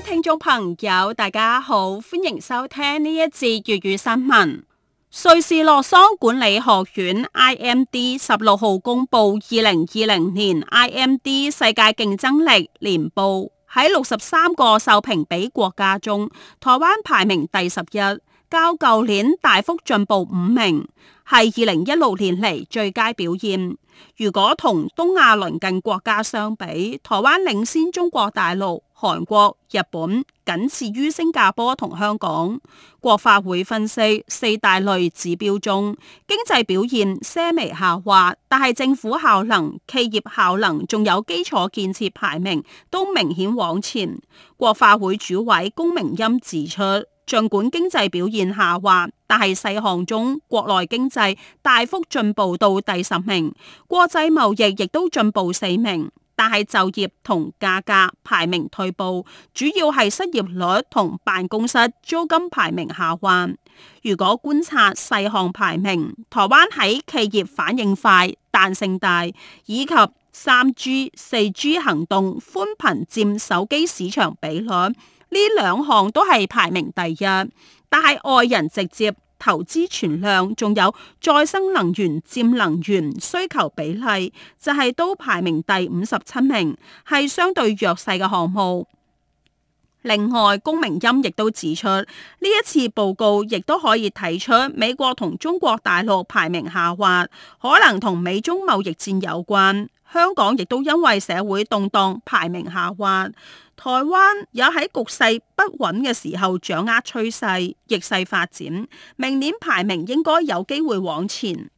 聽眾朋友，大家好，歡迎收聽呢一節粵語新聞。瑞士洛桑管理學院 （IMD） 十六號公布二零二零年 IMD 世界競爭力年報，喺六十三個受評比國家中，台灣排名第十一，較舊年大幅進步五名。係二零一六年嚟最佳表現。如果同東亞鄰近國家相比，台灣領先中國大陸、韓國、日本，僅次於新加坡同香港。國發會分析四大類指標中，經濟表現些微下滑，但係政府效能、企業效能仲有基礎建設排名都明顯往前。國發會主委龔明鑫指出，儘管經濟表現下滑，但係細項中國內經濟大幅進步到第十名，國際貿易亦都進步四名。但係就業同價格排名退步，主要係失業率同辦公室租金排名下滑。如果觀察細項排名，台灣喺企業反應快、彈性大，以及三 G、四 G 行動寬頻佔手機市場比率，呢兩項都係排名第一，但係外人直接投資存量，仲有再生能源佔能源需求比例，就係、是、都排名第五十七名，係相對弱勢嘅項目。另外，龔明鑫亦都指出，呢一次報告亦都可以睇出美國同中國大陸排名下滑，可能同美中貿易戰有關。香港亦都因為社會動盪排名下滑，台灣也喺局勢不穩嘅時候掌握趨勢，逆勢發展，明年排名應該有機會往前。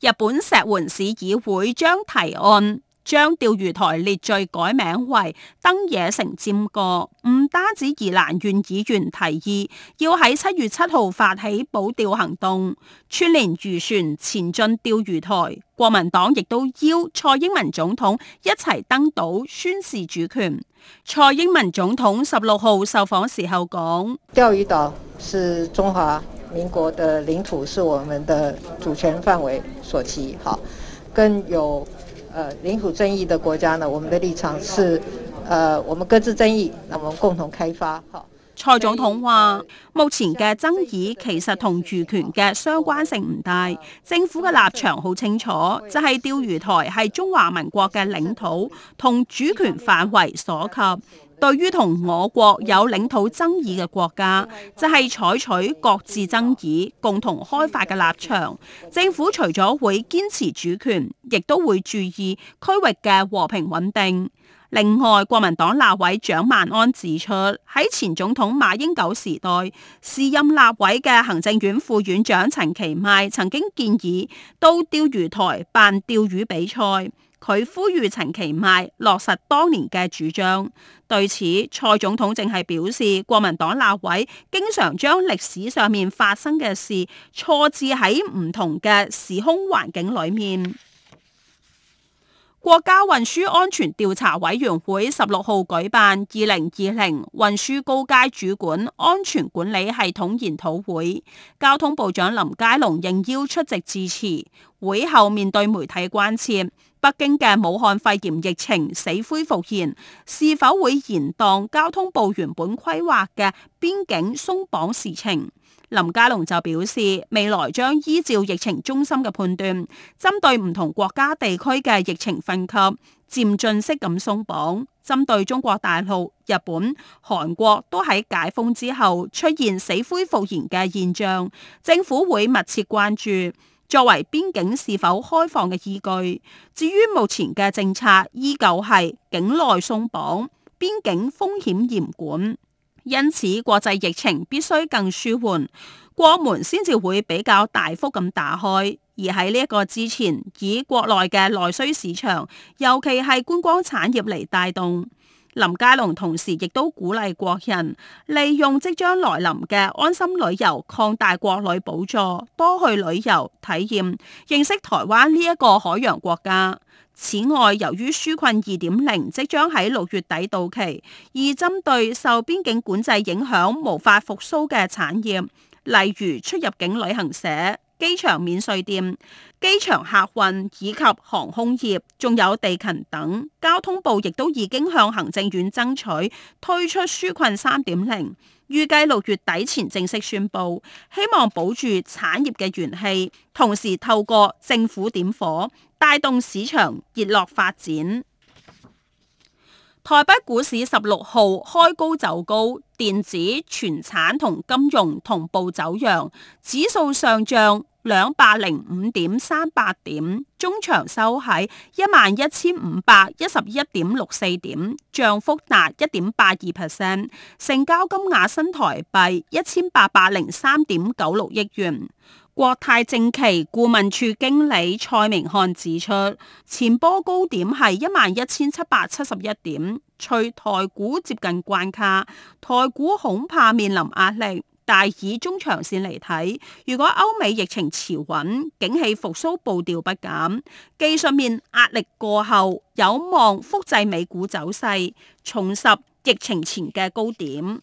日本石垣市議會將提案。將釣魚台列序改名為登野城尖閣，唔單止宜蘭縣議員提議，要喺七月七號發起保釣行動，串聯漁船前進釣魚台。國民黨亦都邀蔡英文總統一齊登島宣示主權。蔡英文總統十六號受訪時候講：釣魚島是中華民國的領土，是我們的主權範圍所及。」好，更有。呃，領土爭議的國家呢？我們的立場是，呃，我們各自爭議，那我們共同開發。蔡總統話，目前嘅爭議其實同主權嘅相關性唔大，政府嘅立場好清楚，就係釣魚台係中華民國嘅領土同主權範圍所及。對於同我國有領土爭議嘅國家，就係、是、採取各自爭議、共同開發嘅立場。政府除咗會堅持主權，亦都會注意區域嘅和平穩定。另外，國民黨立委蔣萬安指出，喺前總統馬英九時代，時任立委嘅行政院副院長陳其邁曾經建議到釣魚台辦釣魚比賽。佢呼籲陳其邁落實當年嘅主張。對此，蔡總統正係表示，國民黨立委經常將歷史上面發生嘅事錯置喺唔同嘅時空環境裏面。國家運輸安全調查委員會十六號舉辦二零二零運輸高階主管安全管理系統研討會，交通部長林佳龍應邀出席致辭。會後面對媒體關切，北京嘅武漢肺炎疫情死灰復現，是否會延宕交通部原本規劃嘅邊境鬆綁事情？林佳龍就表示，未來將依照疫情中心嘅判斷，針對唔同國家地區嘅疫情分級，漸進式咁鬆綁。針對中國大陸、日本、韓國都喺解封之後出現死灰復燃嘅現象，政府會密切關注，作為邊境是否開放嘅依據。至於目前嘅政策依，依舊係境內鬆綁，邊境風險嚴管。因此，國際疫情必須更舒緩，國門先至會比較大幅咁打開。而喺呢一個之前，以國內嘅內需市場，尤其係觀光產業嚟帶動。林佳龍同時亦都鼓勵國人利用即將來臨嘅安心旅遊，擴大國內補助，多去旅遊體驗，認識台灣呢一個海洋國家。此外，由於紓困二點零即將喺六月底到期，而針對受邊境管制影響無法復甦嘅產業，例如出入境旅行社。機場免稅店、機場客運以及航空業，仲有地勤等交通部，亦都已經向行政院爭取推出紓困三點零，預計六月底前正式宣布，希望保住產業嘅元氣，同時透過政府點火，帶動市場熱絡發展。台北股市十六號開高走高，電子、全產同金融同步走揚，指數上漲，兩百零五點三八點，中場收喺一萬一千五百一十一點六四點，漲幅達一點八二 percent，成交金額新台幣一千八百零三點九六億元。國泰證期顧問處經理蔡明漢指出，前波高點係一萬一千七百七十一點，隨台股接近關卡，台股恐怕面臨壓力。但以中長線嚟睇，如果歐美疫情持穩，景氣復甦步調不減，技術面壓力過後，有望複製美股走勢，重拾疫情前嘅高點。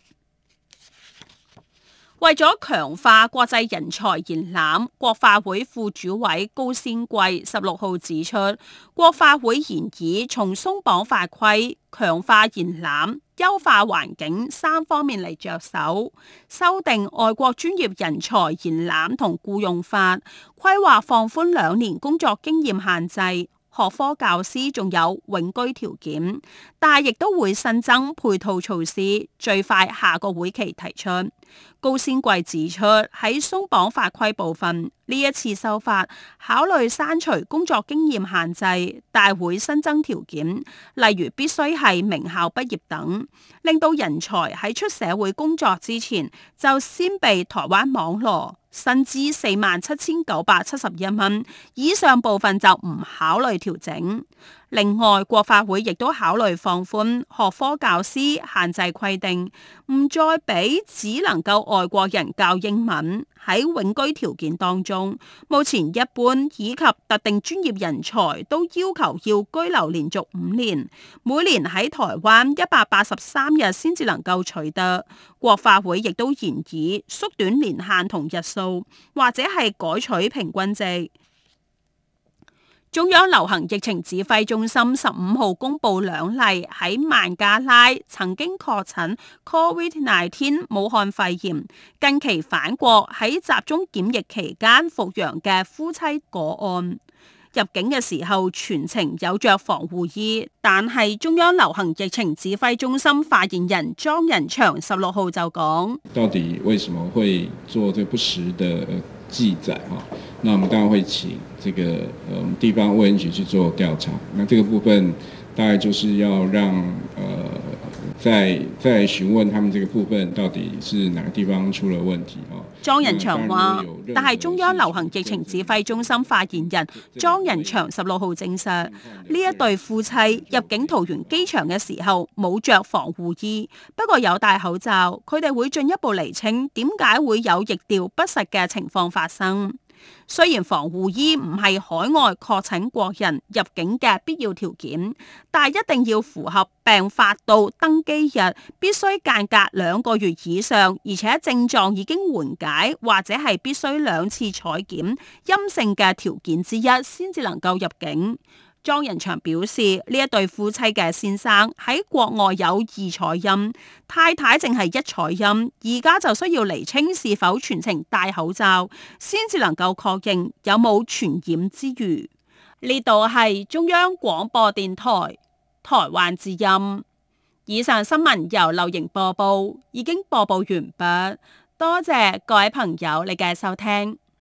為咗強化國際人才延攬，國發會副主委高仙桂十六號指出，國發會研議從鬆綁法規、強化延攬、優化環境三方面嚟着手修訂外國專業人才延攬同雇用法，規劃放寬兩年工作經驗限制、學科教師仲有永居條件，但亦都會新增配套措施，最快下個會期提出。高先貴指出，喺鬆綁法規部分，呢一次修法考慮刪除工作經驗限制，大會新增條件，例如必須係名校畢業等，令到人才喺出社會工作之前就先被台灣網羅。薪資四萬七千九百七十一蚊以上部分就唔考慮調整。另外，國發會亦都考慮放寬學科教師限制規定，唔再俾只能夠外國人教英文。喺永居條件當中，目前一般以及特定專業人才都要求要居留連續五年，每年喺台灣一百八十三日先至能夠取得。國發會亦都研議縮短年限同日數，或者係改取平均值。中央流行疫情指揮中心十五號公布兩例喺孟加拉曾經確診 COVID-19 武漢肺炎，近期返國喺集中檢疫期間復陽嘅夫妻個案。入境嘅時候全程有着防護衣，但係中央流行疫情指揮中心發言人莊人祥十六號就講：到底為什麼會做這不實的？記載啊，那我們當然會請這個嗯、呃、地方衛生局去做調查，那這個部分大概就是要讓呃。再再詢問他們這個部分到底是哪個地方出了問題哦。莊人祥話，但係中央流行疫情指揮中心發言人莊人祥十六號證實，呢一對夫妻入境桃園機場嘅時候冇着防護衣，不過有戴口罩。佢哋會進一步厘清點解會有疫調不實嘅情況發生。雖然防護衣唔係海外確診國人入境嘅必要條件，但一定要符合病發到登機日必須間隔兩個月以上，而且症狀已經緩解或者係必須兩次採檢陰性嘅條件之一，先至能夠入境。莊人祥表示，呢一對夫妻嘅先生喺國外有二彩陰，太太淨係一彩陰。而家就需要厘清是否全程戴口罩，先至能夠確認有冇傳染之虞。呢度係中央廣播電台台灣之音。以上新聞由劉瑩播報，已經播報完畢。多謝各位朋友你嘅收聽。